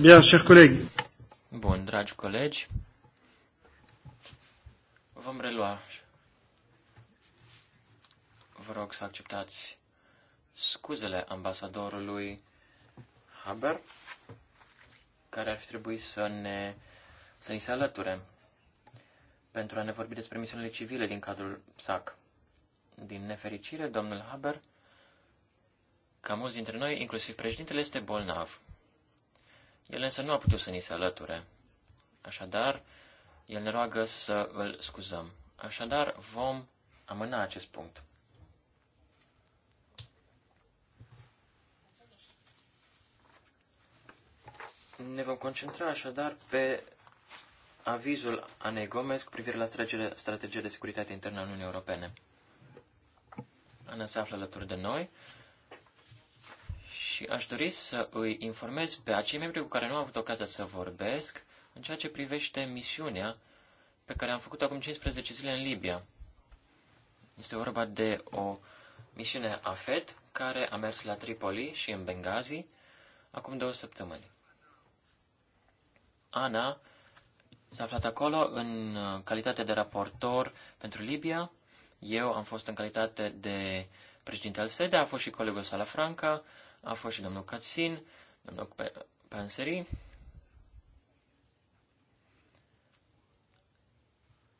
Bien, chers collègues. Bun, dragi colegi, vom relua. Vă rog să acceptați scuzele ambasadorului Haber, care ar fi trebuit să ne, să ni se alăture pentru a ne vorbi despre misiunile civile din cadrul SAC. Din nefericire, domnul Haber, ca mulți dintre noi, inclusiv președintele, este bolnav el însă nu a putut să ni se alăture. Așadar, el ne roagă să îl scuzăm. Așadar, vom amâna acest punct. Ne vom concentra așadar pe avizul Anei Gomez cu privire la strategia de securitate internă a Uniunii Europene. Ana se află alături de noi și aș dori să îi informez pe acei membri cu care nu am avut ocazia să vorbesc în ceea ce privește misiunea pe care am făcut-o acum 15 zile în Libia. Este vorba de o misiune AFET care a mers la Tripoli și în Benghazi acum două săptămâni. Ana s-a aflat acolo în calitate de raportor pentru Libia. Eu am fost în calitate de președinte al SEDE, a fost și colegul Salafranca, Franca, a fost și domnul Cățin, domnul Panseri.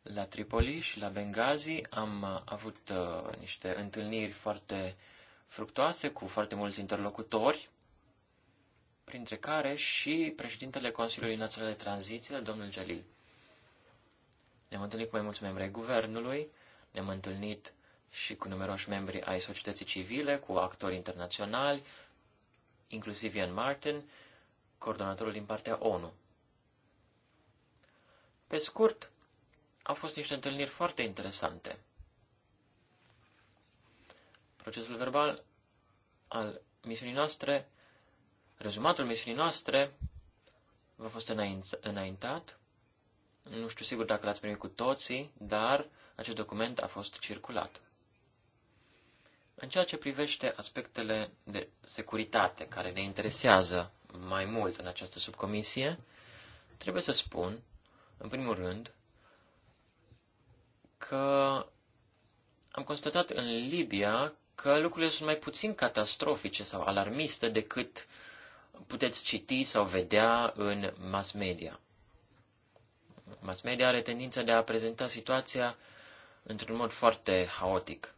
La Tripoli și la Benghazi am uh, avut uh, niște întâlniri foarte fructoase cu foarte mulți interlocutori, printre care și președintele Consiliului Național de Tranziție, domnul Jalil. Ne-am întâlnit cu mai mulți membri ai guvernului, ne-am întâlnit și cu numeroși membri ai societății civile, cu actori internaționali, inclusiv Ian Martin, coordonatorul din partea ONU. Pe scurt, au fost niște întâlniri foarte interesante. Procesul verbal al misiunii noastre, rezumatul misiunii noastre, v-a fost înaintat. Nu știu sigur dacă l-ați primit cu toții, dar acest document a fost circulat. În ceea ce privește aspectele de securitate care ne interesează mai mult în această subcomisie, trebuie să spun, în primul rând, că am constatat în Libia că lucrurile sunt mai puțin catastrofice sau alarmiste decât puteți citi sau vedea în mass media. Mass media are tendința de a prezenta situația într-un mod foarte haotic.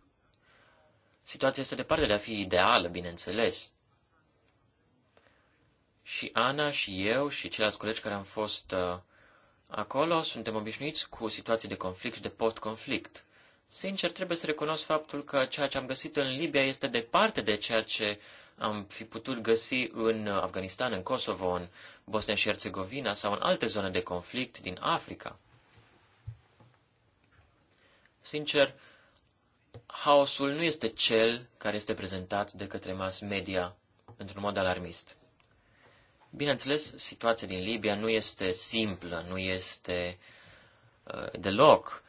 Situația este departe de a fi ideală, bineînțeles. Și Ana și eu și ceilalți colegi care am fost uh, acolo suntem obișnuiți cu situații de conflict și de post-conflict. Sincer, trebuie să recunosc faptul că ceea ce am găsit în Libia este departe de ceea ce am fi putut găsi în Afganistan, în Kosovo, în Bosnia și Herțegovina sau în alte zone de conflict din Africa. Sincer, haosul nu este cel care este prezentat de către mass media într-un mod alarmist. Bineînțeles, situația din Libia nu este simplă, nu este uh, deloc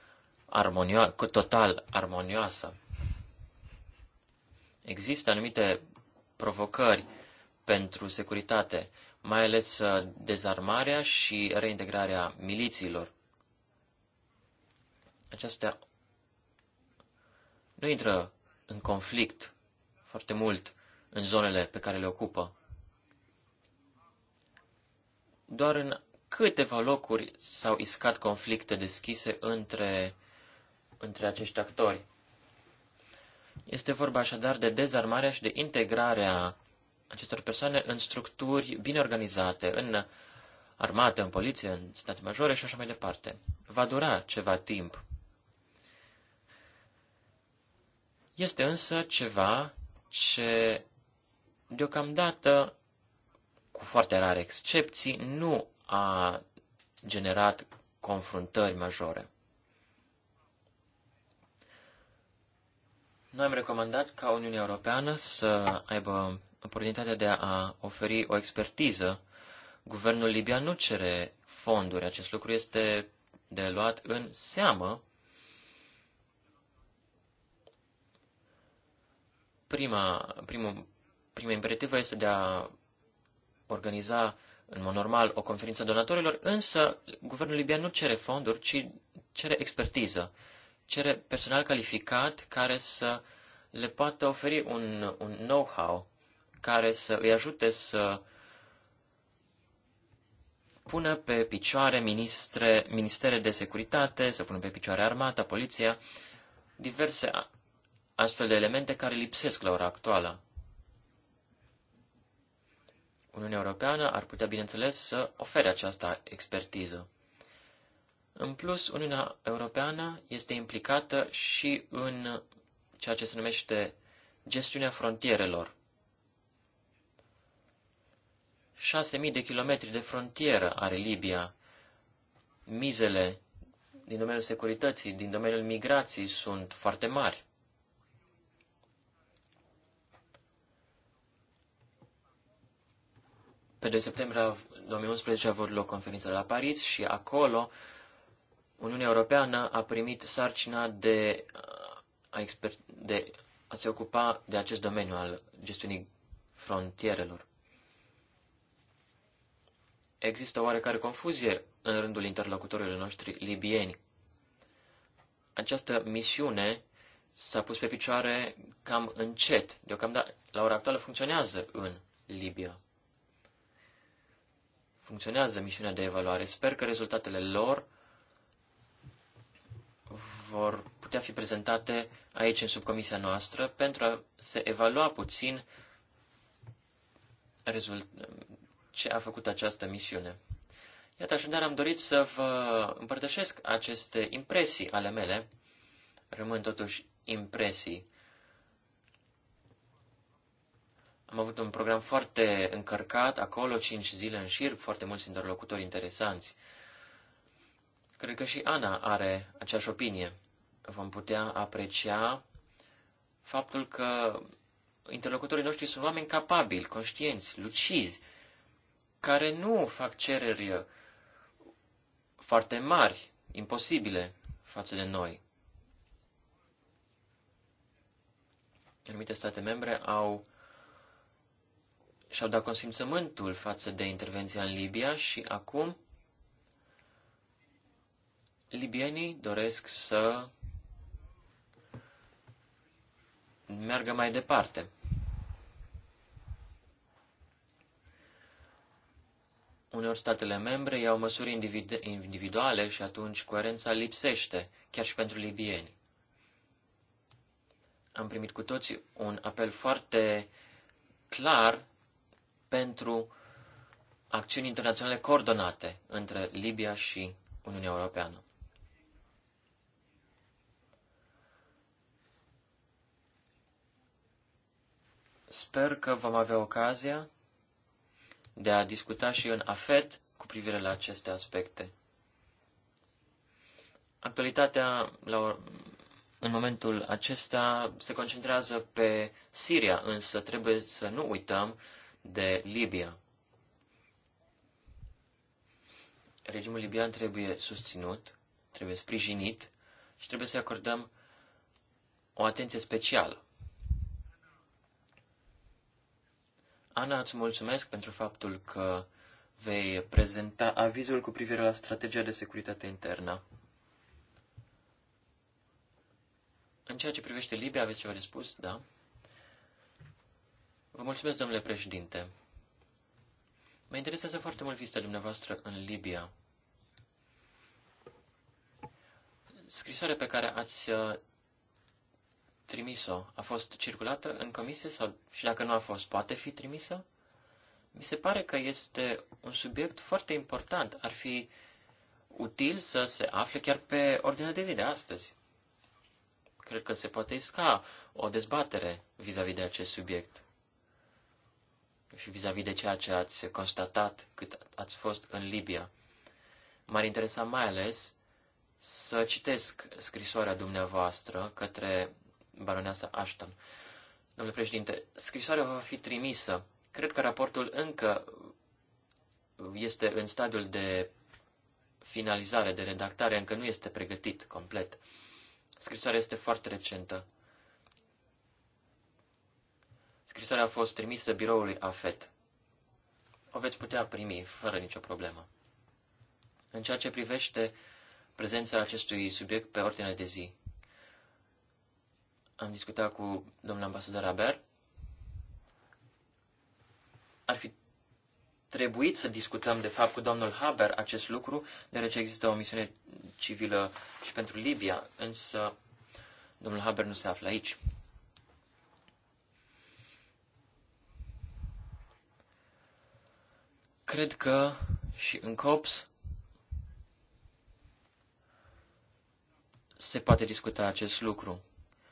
armonio- total armonioasă. Există anumite provocări pentru securitate, mai ales uh, dezarmarea și reintegrarea milițiilor. Acestea nu intră în conflict foarte mult în zonele pe care le ocupă. Doar în câteva locuri s-au iscat conflicte deschise între, între acești actori. Este vorba așadar de dezarmarea și de integrarea acestor persoane în structuri bine organizate, în armată, în poliție, în state majore și așa mai departe. Va dura ceva timp Este însă ceva ce deocamdată, cu foarte rare excepții, nu a generat confruntări majore. Noi am recomandat ca Uniunea Europeană să aibă oportunitatea de a oferi o expertiză. Guvernul libian nu cere fonduri. Acest lucru este de luat în seamă Prima, primul, prima imperativă este de a organiza în mod normal o conferință donatorilor, însă guvernul libian nu cere fonduri, ci cere expertiză, cere personal calificat care să le poată oferi un, un know-how care să îi ajute să pună pe picioare ministre, ministere de securitate, să pună pe picioare armata, poliția, diverse astfel de elemente care lipsesc la ora actuală. Uniunea Europeană ar putea, bineînțeles, să ofere această expertiză. În plus, Uniunea Europeană este implicată și în ceea ce se numește gestiunea frontierelor. 6.000 de kilometri de frontieră are Libia. Mizele din domeniul securității, din domeniul migrației sunt foarte mari. Pe 2 septembrie 2011 a avut loc conferința la Paris și acolo Uniunea Europeană a primit sarcina de a, exper- de a se ocupa de acest domeniu al gestiunii frontierelor. Există o oarecare confuzie în rândul interlocutorilor noștri libieni. Această misiune s-a pus pe picioare cam încet. Deocamdată, la ora actuală, funcționează în Libia funcționează misiunea de evaluare. Sper că rezultatele lor vor putea fi prezentate aici în subcomisia noastră pentru a se evalua puțin ce a făcut această misiune. Iată, așadar am dorit să vă împărtășesc aceste impresii ale mele, rămân totuși impresii. Am avut un program foarte încărcat, acolo 5 zile în șir, foarte mulți interlocutori interesanți. Cred că și Ana are aceeași opinie. Vom putea aprecia faptul că interlocutorii noștri sunt oameni capabili, conștienți, lucizi, care nu fac cereri foarte mari, imposibile față de noi. Anumite state membre au și-au dat consimțământul față de intervenția în Libia și acum libienii doresc să meargă mai departe. Uneori statele membre iau măsuri individu individuale și atunci coerența lipsește, chiar și pentru libieni. Am primit cu toții un apel foarte clar pentru acțiuni internaționale coordonate între Libia și Uniunea Europeană. Sper că vom avea ocazia de a discuta și în afet cu privire la aceste aspecte. Actualitatea la în momentul acesta se concentrează pe Siria, însă trebuie să nu uităm de Libia. Regimul libian trebuie susținut, trebuie sprijinit și trebuie să acordăm o atenție specială. Ana, îți mulțumesc pentru faptul că vei prezenta avizul cu privire la strategia de securitate internă. În ceea ce privește Libia, aveți ceva de spus, da? Vă mulțumesc, domnule președinte. Mă interesează foarte mult vizita dumneavoastră în Libia. Scrisoarea pe care ați uh, trimis-o a fost circulată în comisie sau și dacă nu a fost, poate fi trimisă? Mi se pare că este un subiect foarte important. Ar fi util să se afle chiar pe ordinea de zi de astăzi. Cred că se poate isca o dezbatere vis-a-vis -vis de acest subiect și vis-a-vis -vis de ceea ce ați constatat cât ați fost în Libia. M-ar interesa mai ales să citesc scrisoarea dumneavoastră către baroneasa Ashton. Domnule președinte, scrisoarea va fi trimisă. Cred că raportul încă este în stadiul de finalizare, de redactare, încă nu este pregătit complet. Scrisoarea este foarte recentă. Scrisoarea a fost trimisă biroului AFET. O veți putea primi fără nicio problemă. În ceea ce privește prezența acestui subiect pe ordine de zi, am discutat cu domnul ambasador Aber. Ar fi trebuit să discutăm, de fapt, cu domnul Haber acest lucru, deoarece există o misiune civilă și pentru Libia, însă domnul Haber nu se află aici. Cred că și în COPS se poate discuta acest lucru.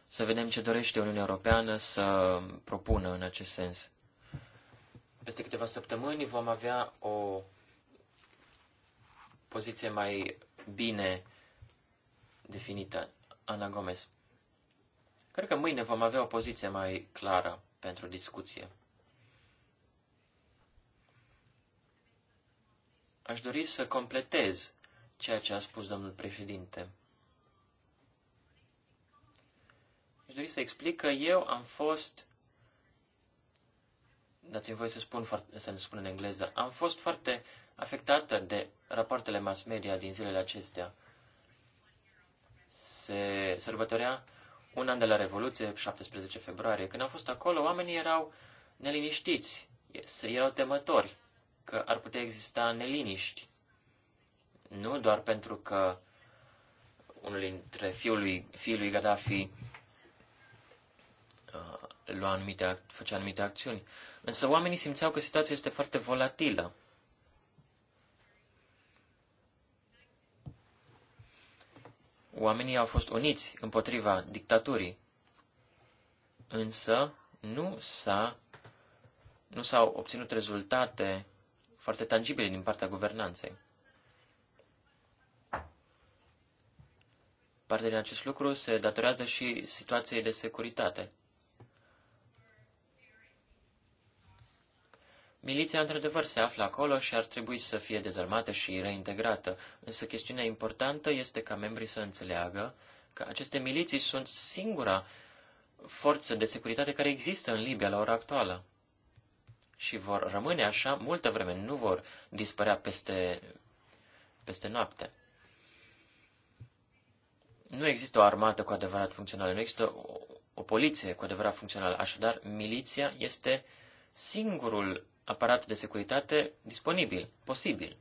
Să vedem ce dorește Uniunea Europeană să propună în acest sens. Peste câteva săptămâni vom avea o poziție mai bine definită. Ana Gomez. Cred că mâine vom avea o poziție mai clară pentru discuție. Aș dori să completez ceea ce a spus domnul președinte. Aș dori să explic că eu am fost, dați-mi voie să spun, să ne spun în engleză, am fost foarte afectată de rapoartele mass media din zilele acestea. Se sărbătorea un an de la Revoluție, 17 februarie. Când am fost acolo, oamenii erau neliniștiți, erau temători că ar putea exista neliniști. Nu doar pentru că unul dintre fiul lui, fiul lui Gaddafi uh, lua anumite, făcea anumite acțiuni. Însă oamenii simțeau că situația este foarte volatilă. Oamenii au fost uniți împotriva dictaturii, însă nu s-a nu s-au obținut rezultate foarte tangibile din partea guvernanței. Parte din acest lucru se datorează și situației de securitate. Miliția, într-adevăr, se află acolo și ar trebui să fie dezarmată și reintegrată, însă chestiunea importantă este ca membrii să înțeleagă că aceste miliții sunt singura forță de securitate care există în Libia la ora actuală și vor rămâne așa multă vreme, nu vor dispărea peste, peste noapte. Nu există o armată cu adevărat funcțională, nu există o, o poliție cu adevărat funcțională, așadar miliția este singurul aparat de securitate disponibil, posibil.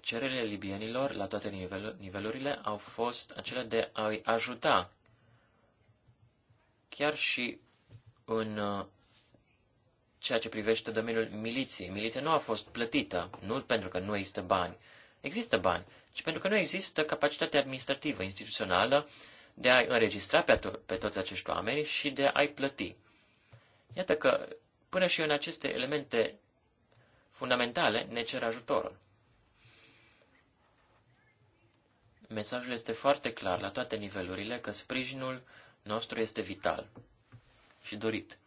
cererile libienilor la toate nivel- nivelurile au fost acele de a-i ajuta Chiar și în uh, ceea ce privește domeniul miliției. Miliția nu a fost plătită, nu pentru că nu există bani. Există bani, ci pentru că nu există capacitatea administrativă, instituțională, de a înregistra pe, to- pe toți acești oameni și de a-i plăti. Iată că până și în aceste elemente fundamentale ne cer ajutorul. Mesajul este foarte clar la toate nivelurile că sprijinul nostru este vital și dorit.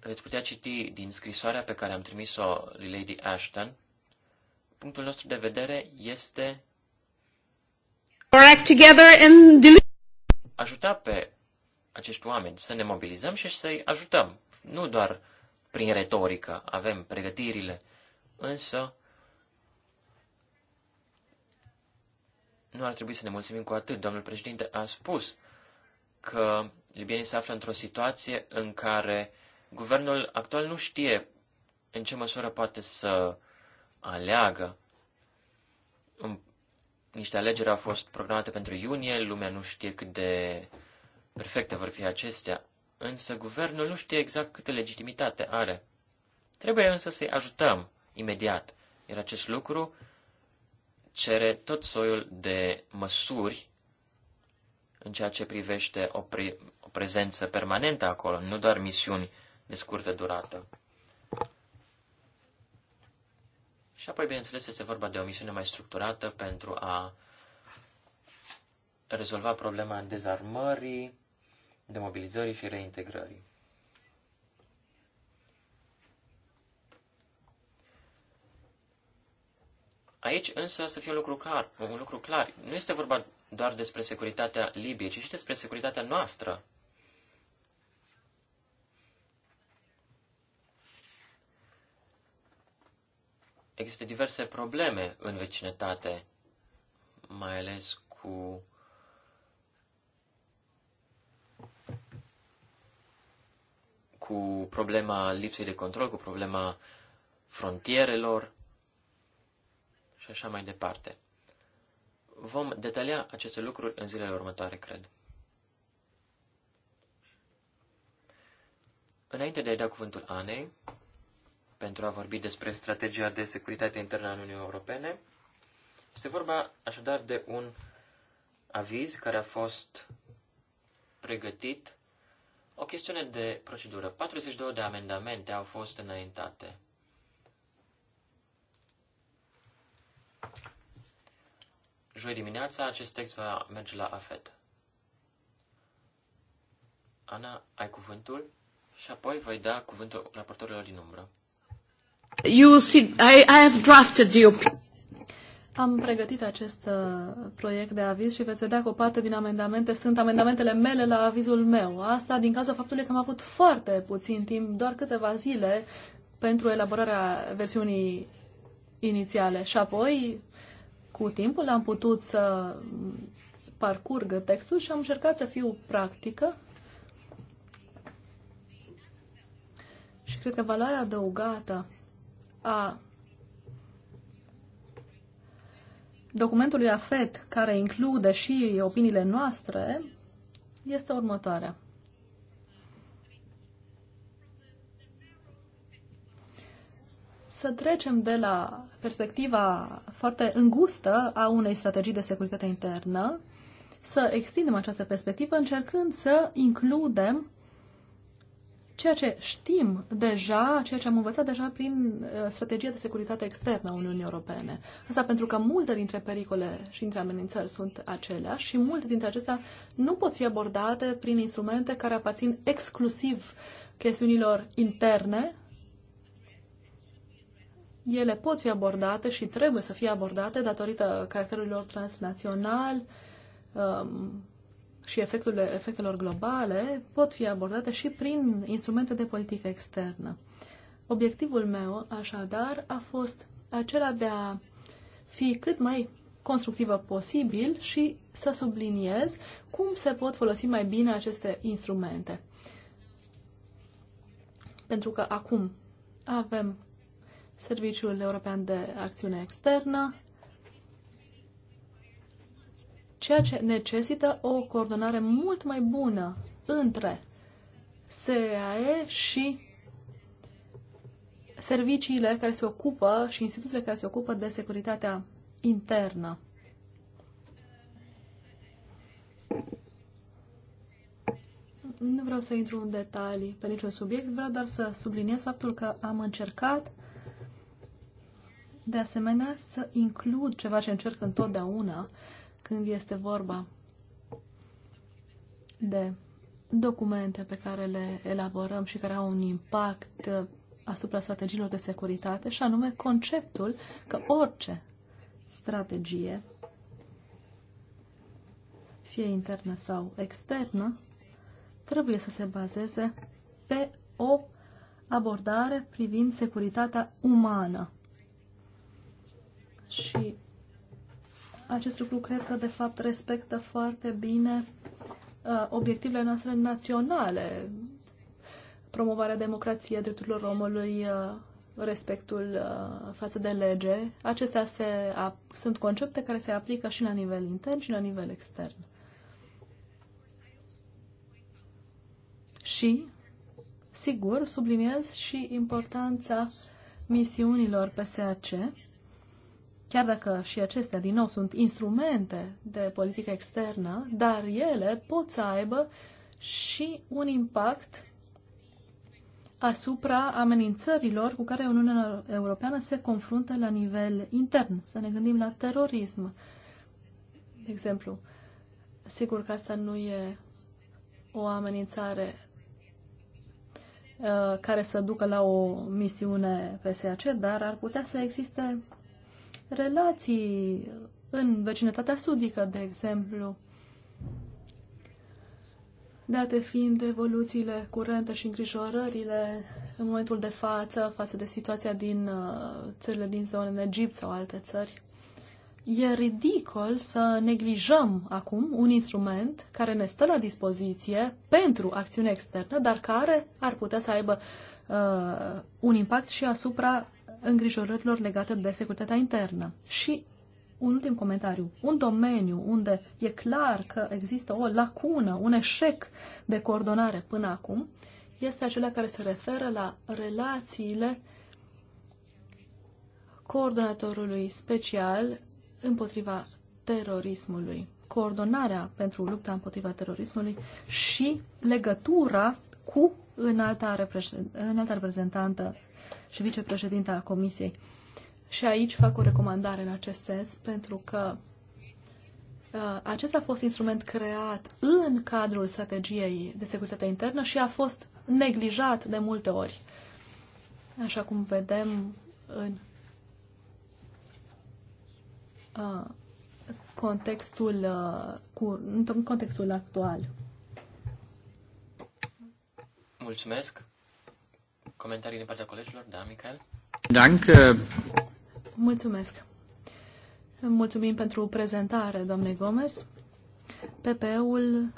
Veți putea citi din scrisoarea pe care am trimis-o lui Lady Ashton. Punctul nostru de vedere este ajuta pe acești oameni să ne mobilizăm și să-i ajutăm. Nu doar prin retorică avem pregătirile, însă Nu ar trebui să ne mulțumim cu atât. Domnul președinte a spus că libienii se află într-o situație în care guvernul actual nu știe în ce măsură poate să aleagă. Niște alegeri au fost programate pentru iunie, lumea nu știe cât de perfecte vor fi acestea, însă guvernul nu știe exact câtă legitimitate are. Trebuie însă să-i ajutăm imediat, iar acest lucru cere tot soiul de măsuri în ceea ce privește o, pre- o prezență permanentă acolo, nu doar misiuni de scurtă durată. Și apoi, bineînțeles, este vorba de o misiune mai structurată pentru a rezolva problema dezarmării, demobilizării și reintegrării. Aici însă să fie un lucru clar, un lucru clar. Nu este vorba doar despre securitatea Libiei, ci și despre securitatea noastră. Există diverse probleme în vecinătate, mai ales cu cu problema lipsei de control, cu problema frontierelor și așa mai departe. Vom detalia aceste lucruri în zilele următoare, cred. Înainte de a-i da cuvântul Anei, pentru a vorbi despre strategia de securitate internă a Uniunii Europene, este vorba așadar de un aviz care a fost pregătit, o chestiune de procedură. 42 de amendamente au fost înaintate. Joi dimineața acest text va merge la AFET. Ana, ai cuvântul și apoi voi da cuvântul raportorilor din umbră. You see, I, I have drafted the opinion. Am pregătit acest uh, proiect de aviz și veți vedea că o parte din amendamente sunt amendamentele mele la avizul meu. Asta din cauza faptului că am avut foarte puțin timp, doar câteva zile, pentru elaborarea versiunii inițiale. Și apoi, uh, cu timpul am putut să parcurg textul și am încercat să fiu practică și cred că valoarea adăugată a documentului AFET, care include și opiniile noastre, este următoarea. să trecem de la perspectiva foarte îngustă a unei strategii de securitate internă, să extindem această perspectivă încercând să includem ceea ce știm deja, ceea ce am învățat deja prin uh, strategia de securitate externă a Uniunii Europene. Asta pentru că multe dintre pericole și dintre amenințări sunt aceleași și multe dintre acestea nu pot fi abordate prin instrumente care aparțin exclusiv chestiunilor interne ele pot fi abordate și trebuie să fie abordate datorită caracterului lor transnațional um, și efectul efectelor globale, pot fi abordate și prin instrumente de politică externă. Obiectivul meu, așadar, a fost acela de a fi cât mai constructivă posibil și să subliniez cum se pot folosi mai bine aceste instrumente. Pentru că acum avem Serviciul European de Acțiune Externă, ceea ce necesită o coordonare mult mai bună între seae și serviciile care se ocupă și instituțiile care se ocupă de securitatea internă. Nu vreau să intru în detalii pe niciun subiect, vreau doar să subliniez faptul că am încercat de asemenea, să includ ceva ce încerc întotdeauna când este vorba de documente pe care le elaborăm și care au un impact asupra strategiilor de securitate, și anume conceptul că orice strategie, fie internă sau externă, trebuie să se bazeze pe o abordare privind securitatea umană. Și acest lucru cred că, de fapt, respectă foarte bine uh, obiectivele noastre naționale. Promovarea democrației, drepturilor omului, uh, respectul uh, față de lege. Acestea se, a, sunt concepte care se aplică și la nivel intern și la nivel extern. Și, sigur, subliniez și importanța misiunilor PSAC chiar dacă și acestea, din nou, sunt instrumente de politică externă, dar ele pot să aibă și un impact asupra amenințărilor cu care Uniunea Europeană se confruntă la nivel intern. Să ne gândim la terorism, de exemplu. Sigur că asta nu e o amenințare uh, care să ducă la o misiune PSAC, dar ar putea să existe relații în vecinătatea sudică, de exemplu. Date fiind evoluțiile curente și îngrijorările în momentul de față, față de situația din uh, țările din zonă, în Egipt sau alte țări, e ridicol să neglijăm acum un instrument care ne stă la dispoziție pentru acțiune externă, dar care ar putea să aibă uh, un impact și asupra îngrijorărilor legate de securitatea internă. Și un ultim comentariu. Un domeniu unde e clar că există o lacună, un eșec de coordonare până acum, este acela care se referă la relațiile coordonatorului special împotriva terorismului, coordonarea pentru lupta împotriva terorismului și legătura cu înalta, reprezent, înalta reprezentantă și vicepreședinte a Comisiei. Și aici fac o recomandare în acest sens, pentru că uh, acesta a fost instrument creat în cadrul strategiei de securitate internă și a fost neglijat de multe ori. Așa cum vedem în uh, contextul, uh, cu, în contextul actual. Mulțumesc. Comentarii din partea colegilor? Da, Michael? Dank. Uh, Mulțumesc. Mulțumim pentru prezentare, doamne Gomez. PP-ul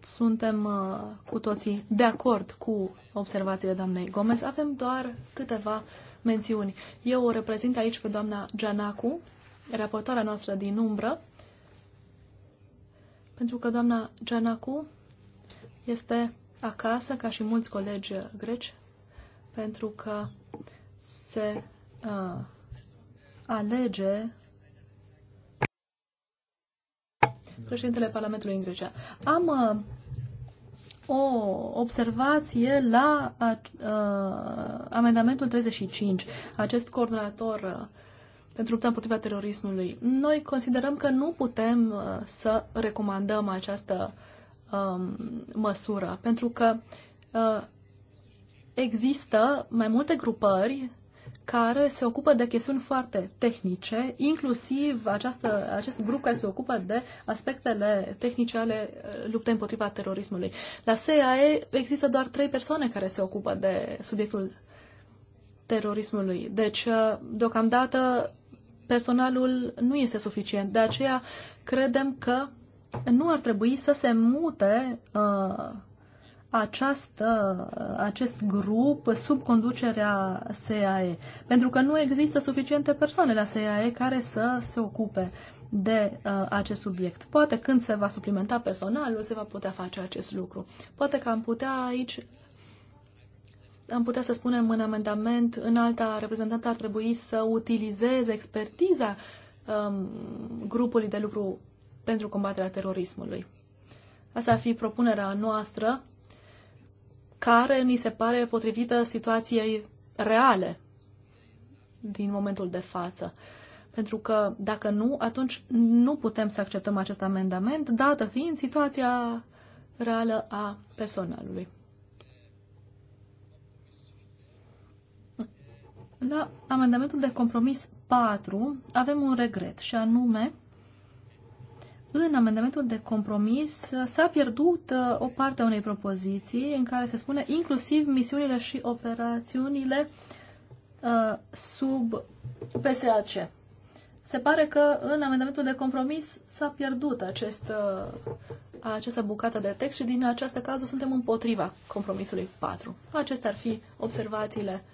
suntem uh, cu toții de acord cu observațiile doamnei Gomez. Avem doar câteva mențiuni. Eu o reprezint aici pe doamna Gianacu, raportoarea noastră din umbră, pentru că doamna Gianacu este acasă, ca și mulți colegi greci, pentru că se uh, alege președintele Parlamentului în Grecia. Am uh, o observație la uh, amendamentul 35, acest coordonator uh, pentru lupta împotriva terorismului. Noi considerăm că nu putem uh, să recomandăm această uh, um, măsură, pentru că uh, există mai multe grupări care se ocupă de chestiuni foarte tehnice, inclusiv această, acest grup care se ocupă de aspectele tehnice ale uh, luptei împotriva terorismului. La CIA există doar trei persoane care se ocupă de subiectul terorismului. Deci, uh, deocamdată, personalul nu este suficient. De aceea, credem că nu ar trebui să se mute uh, această, uh, acest grup sub conducerea SAE, pentru că nu există suficiente persoane la SAE care să se ocupe de uh, acest subiect. Poate când se va suplimenta personalul, se va putea face acest lucru. Poate că am putea aici am putea să spunem în amendament, în alta reprezentantă ar trebui să utilizeze expertiza um, grupului de lucru pentru combaterea terorismului. Asta ar fi propunerea noastră care ni se pare potrivită situației reale din momentul de față. Pentru că dacă nu, atunci nu putem să acceptăm acest amendament, dată fiind situația reală a personalului. La amendamentul de compromis 4 avem un regret și anume în amendamentul de compromis uh, s-a pierdut uh, o parte a unei propoziții în care se spune inclusiv misiunile și operațiunile uh, sub PSAC. Se pare că în amendamentul de compromis s-a pierdut acest, această bucată de text și din această cază suntem împotriva compromisului 4. Acestea ar fi observațiile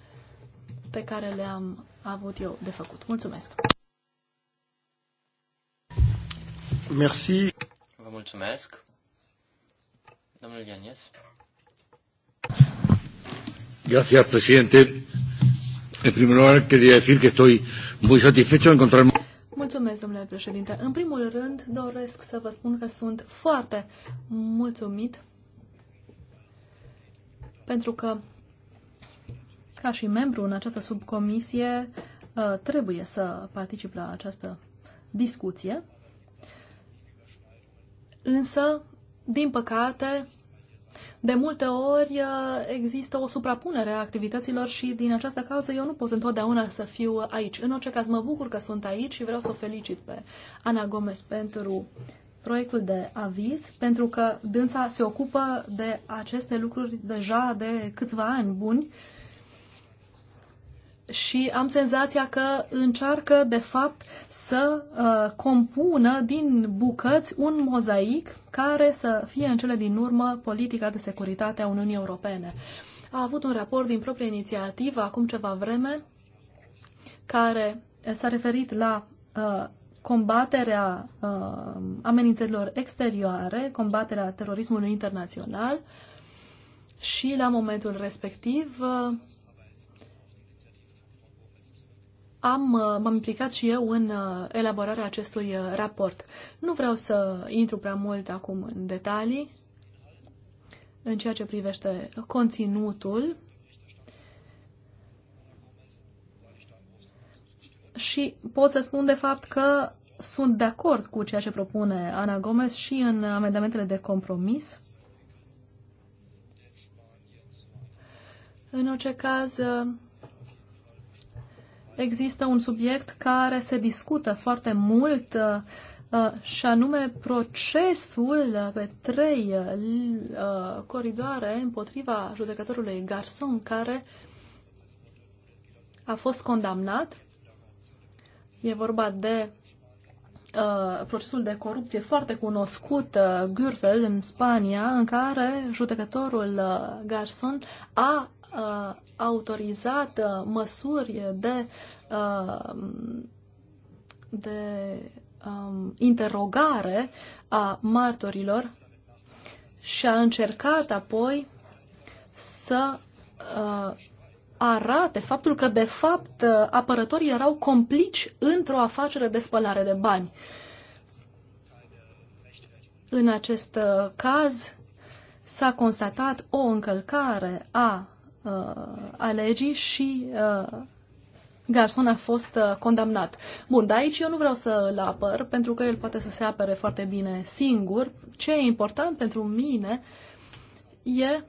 pe care le-am avut eu de făcut. Mulțumesc! Merci. Vă mulțumesc. Domnul Ianies. Gracias, presidente. En primer lugar, quería decir que estoy muy satisfecho de encontrarme. Mulțumesc, domnule președinte. În primul rând, doresc să vă spun că sunt foarte mulțumit pentru că, ca și membru în această subcomisie, uh, trebuie să particip la această discuție Însă, din păcate, de multe ori uh, există o suprapunere a activităților și din această cauză eu nu pot întotdeauna să fiu aici. În orice caz, mă bucur că sunt aici și vreau să o felicit pe Ana Gomez pentru proiectul de aviz, pentru că dânsa se ocupă de aceste lucruri deja de câțiva ani buni și am senzația că încearcă, de fapt, să uh, compună din bucăți un mozaic care să fie în cele din urmă politica de securitate a Uniunii Europene. A avut un raport din proprie inițiativă acum ceva vreme care s-a referit la uh, combaterea uh, amenințărilor exterioare, combaterea terorismului internațional și la momentul respectiv uh, am, uh, m-am implicat și eu în uh, elaborarea acestui uh, raport. Nu vreau să intru prea mult acum în detalii în ceea ce privește conținutul și pot să spun de fapt că sunt de acord cu ceea ce propune Ana Gomez și în amendamentele de compromis. În orice caz, există un subiect care se discută foarte mult uh, uh, și anume procesul pe trei uh, coridoare împotriva judecătorului Garson, care a fost condamnat. E vorba de Uh, procesul de corupție foarte cunoscut, uh, Gürtel, în Spania, în care judecătorul uh, Garson a uh, autorizat uh, măsuri de, uh, de um, interogare a martorilor și a încercat apoi să uh, arate faptul că, de fapt, uh, apărătorii erau complici într-o afacere de spălare de bani. În acest uh, caz s-a constatat o încălcare a, uh, a legii și a, Garson a fost condamnat. Bun, dar aici eu nu vreau să îl apăr, pentru că el poate să se apere foarte bine singur. Ce e important pentru mine e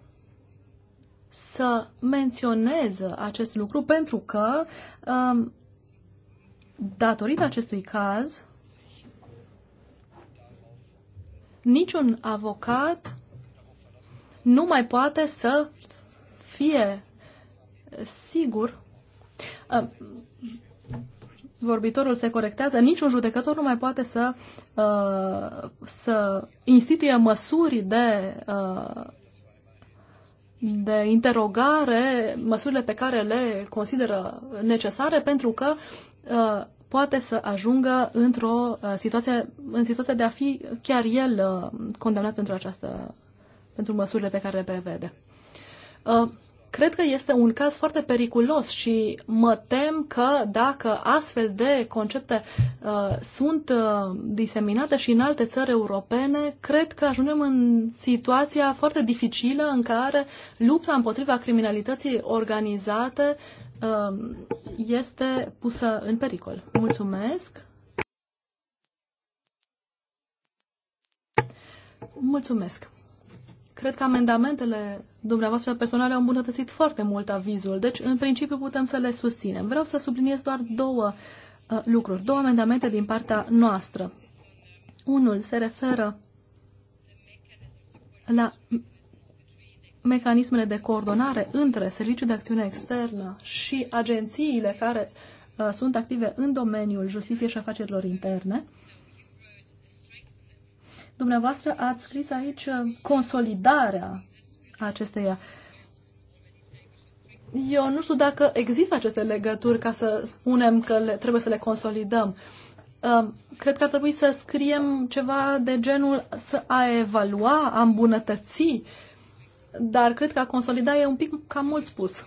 să menționez acest lucru pentru că, um, datorită acestui caz, niciun avocat nu mai poate să fie sigur. Um, vorbitorul se corectează, niciun judecător nu mai poate să, uh, să instituie măsuri de uh, de interogare măsurile pe care le consideră necesare pentru că uh, poate să ajungă într-o uh, situație, în situația de a fi chiar el uh, condamnat pentru această, pentru măsurile pe care le prevede. Uh, Cred că este un caz foarte periculos și mă tem că dacă astfel de concepte uh, sunt uh, diseminate și în alte țări europene, cred că ajungem în situația foarte dificilă în care lupta împotriva criminalității organizate uh, este pusă în pericol. Mulțumesc! Mulțumesc! Cred că amendamentele dumneavoastră personale au îmbunătățit foarte mult avizul, deci în principiu putem să le susținem. Vreau să subliniez doar două uh, lucruri, două amendamente din partea noastră. Unul se referă la mecanismele de coordonare între Serviciul de Acțiune Externă și agențiile care uh, sunt active în domeniul justiției și afacerilor interne. Dumneavoastră ați scris aici uh, consolidarea acesteia. Eu nu știu dacă există aceste legături ca să spunem că le, trebuie să le consolidăm. Um, cred că ar trebui să scriem ceva de genul să a evalua, a îmbunătăți, dar cred că a consolida e un pic cam mult spus.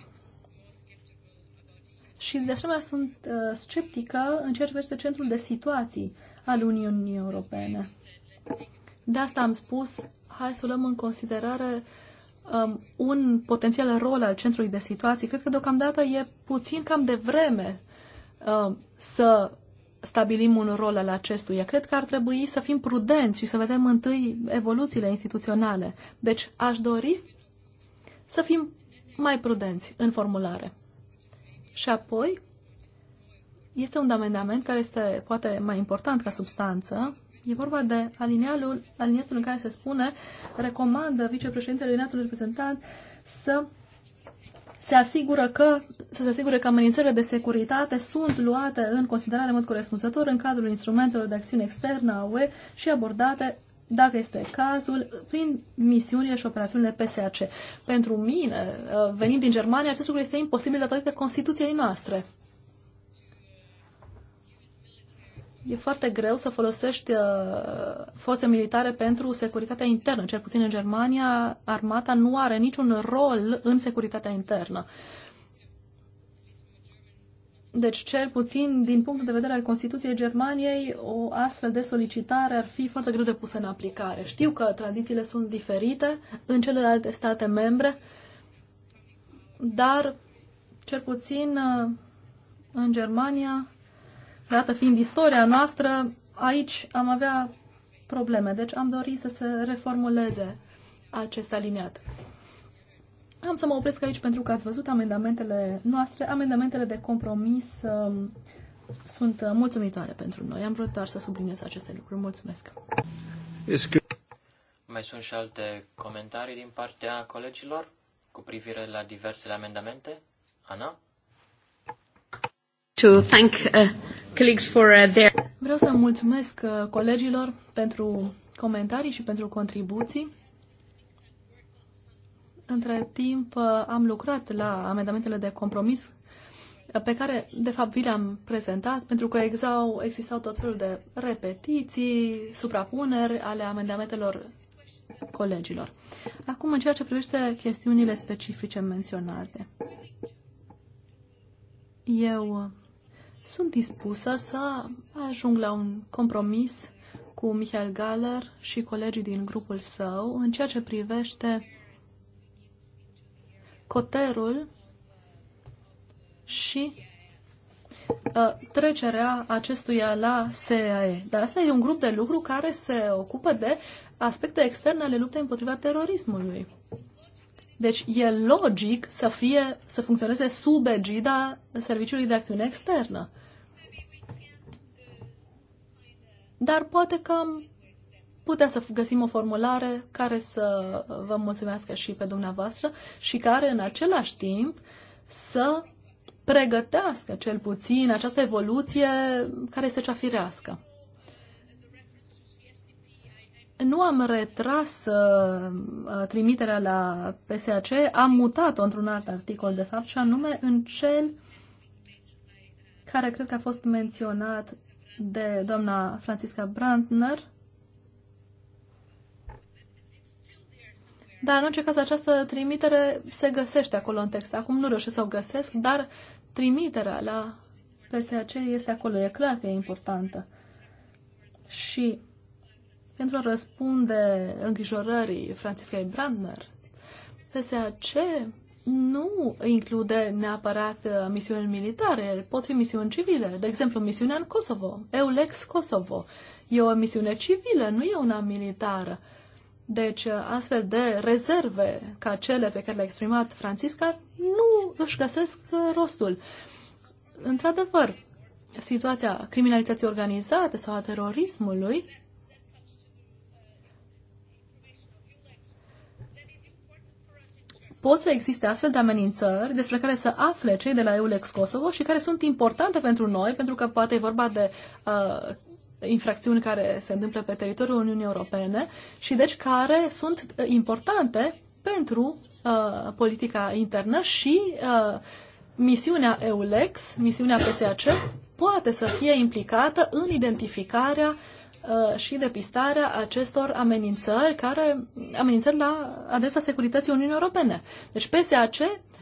Și de asemenea sunt uh, sceptică în ceea ce privește centrul de situații al Uniunii Europene. De asta am spus, hai să luăm în considerare um, un potențial rol al centrului de situații, cred că deocamdată e puțin cam de vreme um, să stabilim un rol al acestuia. Cred că ar trebui să fim prudenți și să vedem întâi evoluțiile instituționale. Deci aș dori să fim mai prudenți în formulare. Și apoi este un amendament care este poate mai important ca substanță, E vorba de alinealul, alineatul în care se spune recomandă vicepreședintele alineatului reprezentant să se asigură că, să se asigure că amenințările de securitate sunt luate în considerare în mod corespunzător în cadrul instrumentelor de acțiune externă a UE și abordate dacă este cazul, prin misiunile și operațiunile PSAC. Pentru mine, uh, venind din Germania, acest lucru este imposibil datorită Constituției noastre. e foarte greu să folosești uh, forțe militare pentru securitatea internă. Cel puțin în Germania, armata nu are niciun rol în securitatea internă. Deci, cel puțin din punctul de vedere al Constituției Germaniei, o astfel de solicitare ar fi foarte greu de pusă în aplicare. Știu că tradițiile sunt diferite în celelalte state membre, dar cel puțin uh, în Germania dată fiind istoria noastră, aici am avea probleme. Deci am dorit să se reformuleze acest aliniat. Am să mă opresc aici pentru că ați văzut amendamentele noastre. Amendamentele de compromis um, sunt mulțumitoare pentru noi. Am vrut doar să subliniez aceste lucruri. Mulțumesc! Mai sunt și alte comentarii din partea colegilor cu privire la diversele amendamente? Ana? to thank uh, colleagues for uh, their... Vreau să mulțumesc uh, colegilor pentru comentarii și pentru contribuții. Între timp uh, am lucrat la amendamentele de compromis uh, pe care, de fapt, vi le-am prezentat, pentru că exau, existau tot felul de repetiții, suprapuneri ale amendamentelor colegilor. Acum, în ceea ce privește chestiunile specifice menționate, eu sunt dispusă să ajung la un compromis cu Michael Galler și colegii din grupul său în ceea ce privește coterul și uh, trecerea acestuia la SAE. Dar asta e un grup de lucru care se ocupă de aspecte externe ale luptei împotriva terorismului. Deci e logic să, fie, să funcționeze sub egida Serviciului de Acțiune Externă. Dar poate că putea să găsim o formulare care să vă mulțumească și pe dumneavoastră și care în același timp să pregătească cel puțin această evoluție care este cea firească nu am retras uh, uh trimiterea la PSAC, am mutat-o într-un alt articol, de fapt, și anume în cel care cred că a fost menționat de doamna Francisca Brandner. Dar, în orice caz, această trimitere se găsește acolo în text. Acum nu reușesc să o găsesc, dar trimiterea la PSAC este acolo. E clar că e importantă. Și pentru a răspunde îngrijorării Franciscai Brandner, ce nu include neapărat uh, misiuni militare, pot fi misiuni civile, de exemplu misiunea în Kosovo, EULEX Kosovo. E o misiune civilă, nu e una militară. Deci, uh, astfel de rezerve ca cele pe care le-a exprimat Francisca nu își găsesc uh, rostul. Într-adevăr, situația criminalității organizate sau a terorismului pot să existe astfel de amenințări despre care să afle cei de la EULEX Kosovo și care sunt importante pentru noi, pentru că poate e vorba de uh, infracțiuni care se întâmplă pe teritoriul Uniunii Europene și deci care sunt uh, importante pentru uh, politica internă și uh, misiunea EULEX, misiunea PSAC, poate să fie implicată în identificarea uh, și depistarea acestor amenințări, care, amenințări la adresa securității Uniunii Europene. Deci PSAC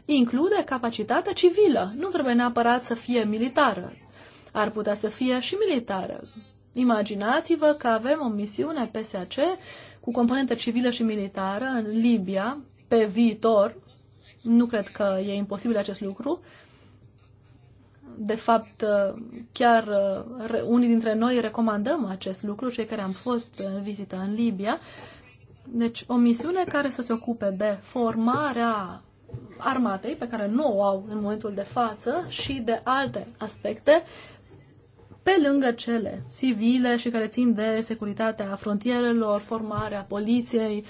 include capacitatea civilă, nu trebuie neapărat să fie militară, ar putea să fie și militară. Imaginați-vă că avem o misiune PSAC cu componentă civilă și militară în Libia pe viitor, nu cred că e imposibil acest lucru, de fapt, uh, chiar uh, unii dintre noi recomandăm acest lucru, cei care am fost în vizită în Libia. Deci, o misiune care să se ocupe de formarea armatei, pe care nu o au în momentul de față, și de alte aspecte, pe lângă cele civile și care țin de securitatea frontierelor, formarea poliției,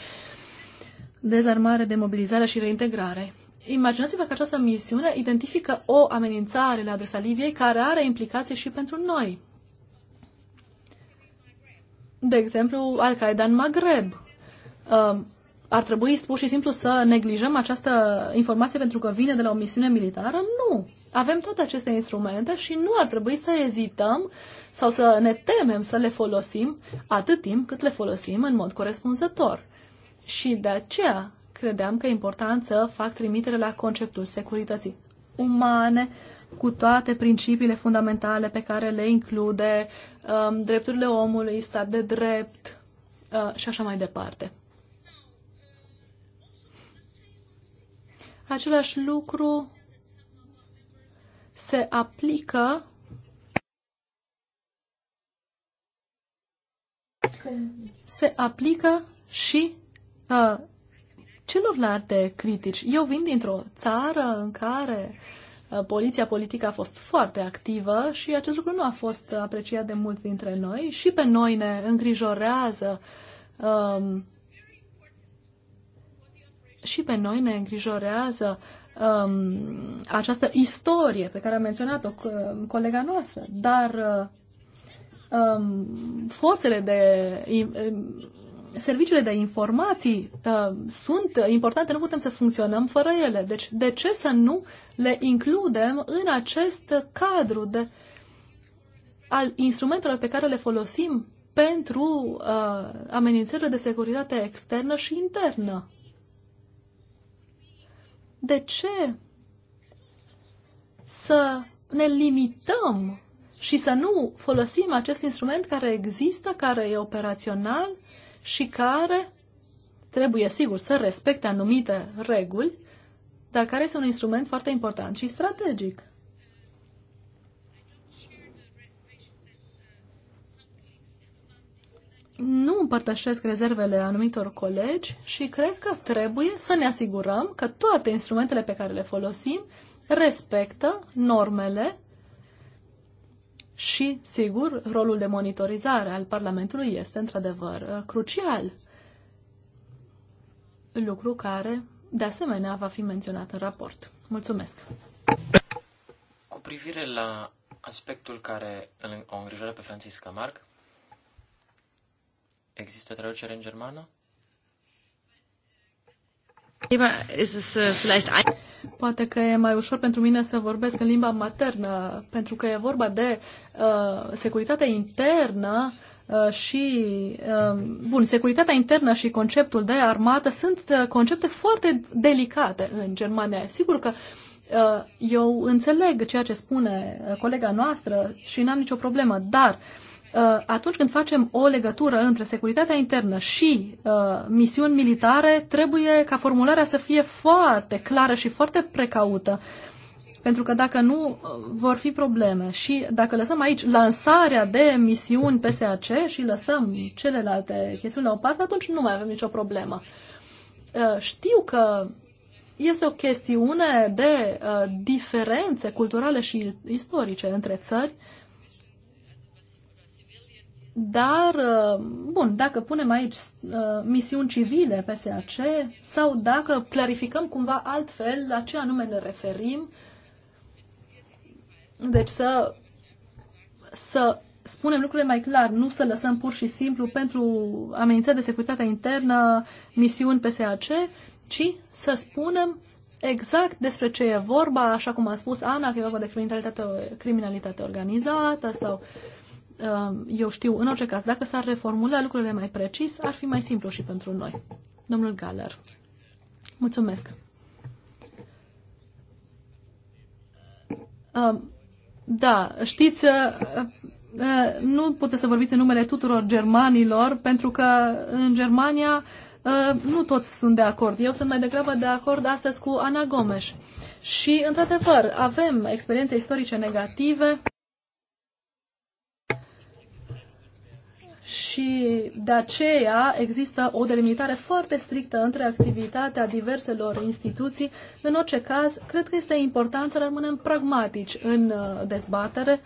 dezarmare, demobilizare și reintegrare imaginați-vă că această misiune identifică o amenințare la adresa Libiei care are implicații și pentru noi. De exemplu, Al-Qaeda în Maghreb. Um, ar trebui pur și simplu să neglijăm această informație pentru că vine de la o misiune militară? Nu. Avem toate aceste instrumente și nu ar trebui să ezităm sau să ne temem să le folosim atât timp cât le folosim în mod corespunzător. Și de aceea credeam că e important să fac trimitere la conceptul securității umane, cu toate principiile fundamentale pe care le include um, drepturile omului, stat de drept uh, și așa mai departe. Același lucru se aplică se aplică și uh, celorlalte critici. Eu vin dintr-o țară în care uh, poliția politică a fost foarte activă și acest lucru nu a fost apreciat de mulți dintre noi și pe noi ne îngrijorează um, și pe noi ne îngrijorează um, această istorie pe care a menționat-o uh, colega noastră, dar uh, um, forțele de um, serviciile de informații uh, sunt importante, nu putem să funcționăm fără ele. Deci, de ce să nu le includem în acest cadru de, al instrumentelor pe care le folosim pentru uh, amenințările de securitate externă și internă? De ce să ne limităm și să nu folosim acest instrument care există, care e operațional și care trebuie, sigur, să respecte anumite reguli, dar care este un instrument foarte important și strategic. nu împărtășesc rezervele anumitor colegi și cred că trebuie să ne asigurăm că toate instrumentele pe care le folosim respectă normele și, sigur, rolul de monitorizare al Parlamentului este, într-adevăr, uh, crucial. Lucru care, de asemenea, va fi menționat în raport. Mulțumesc! Cu privire la aspectul care o îngrijoară pe Francisca Marc, există traducere în germană? Eh, Poate că e mai ușor pentru mine să vorbesc în limba maternă, pentru că e vorba de uh, securitatea internă uh, și, uh, bun, securitatea internă și conceptul de armată sunt uh, concepte foarte delicate în Germania. Sigur că uh, eu înțeleg ceea ce spune colega noastră și n-am nicio problemă, dar uh, Uh, atunci când facem o legătură între securitatea internă și uh, misiuni militare, trebuie ca formularea să fie foarte clară și foarte precaută. Pentru că dacă nu, uh, vor fi probleme. Și dacă lăsăm aici lansarea de misiuni PSAC și lăsăm celelalte chestiuni la o parte, atunci nu mai avem nicio problemă. Uh, știu că este o chestiune de diferențe culturale și istorice între țări, dar, uh, bun, dacă punem aici uh, misiuni civile pe SAC sau dacă clarificăm cumva altfel la ce anume ne referim, deci să, să spunem lucrurile mai clar, nu să lăsăm pur și simplu pentru amenințări de securitate internă misiuni PSAC, ci să spunem exact despre ce e vorba, așa cum a spus Ana, că e vorba de criminalitate, criminalitate organizată sau uh, Ehm, eu știu, în orice caz, dacă s-ar reformula lucrurile mai precis, ar fi mai simplu și pentru noi. Domnul Galler. Mulțumesc. Ehm, da, știți, eh, eh, nu puteți să vorbiți în numele tuturor germanilor, pentru că în Germania eh, nu toți sunt de acord. Eu sunt mai degrabă de acord astăzi cu Ana Gomes. Și, într-adevăr, avem experiențe istorice negative. și de aceea există o delimitare foarte strictă între activitatea diverselor instituții. În orice caz, cred că este important să rămânem pragmatici în uh, dezbatere.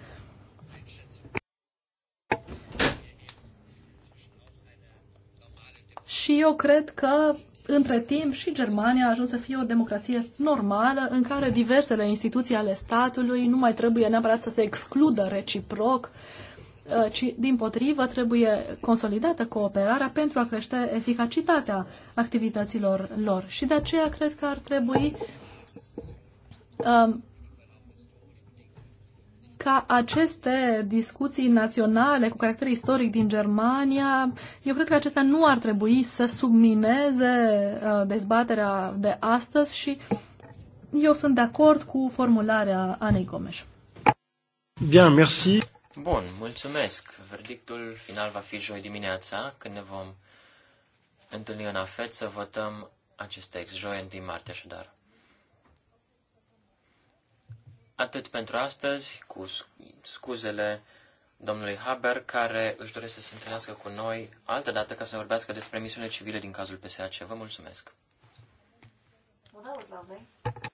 Și eu cred că între timp și Germania a ajuns să fie o democrație normală în care diversele instituții ale statului nu mai trebuie neapărat să se excludă reciproc uh, Uh, ci din potrivă trebuie consolidată cooperarea pentru a crește eficacitatea activităților lor. Și de aceea cred că ar trebui um, ca aceste discuții naționale cu caracter istoric din Germania, eu cred că acestea nu ar trebui să submineze uh, dezbaterea de astăzi și eu sunt de acord cu formularea Anei Gomes. Bien, merci. Bun, mulțumesc. Verdictul final va fi joi dimineața, când ne vom întâlni în afet să votăm acest text, joi 1 martie așadar. Atât pentru astăzi, cu scuzele domnului Haber, care își doresc să se întâlnească cu noi altă dată ca să vorbească despre misiunile civile din cazul PSAC. Vă mulțumesc! Well, that was lovely.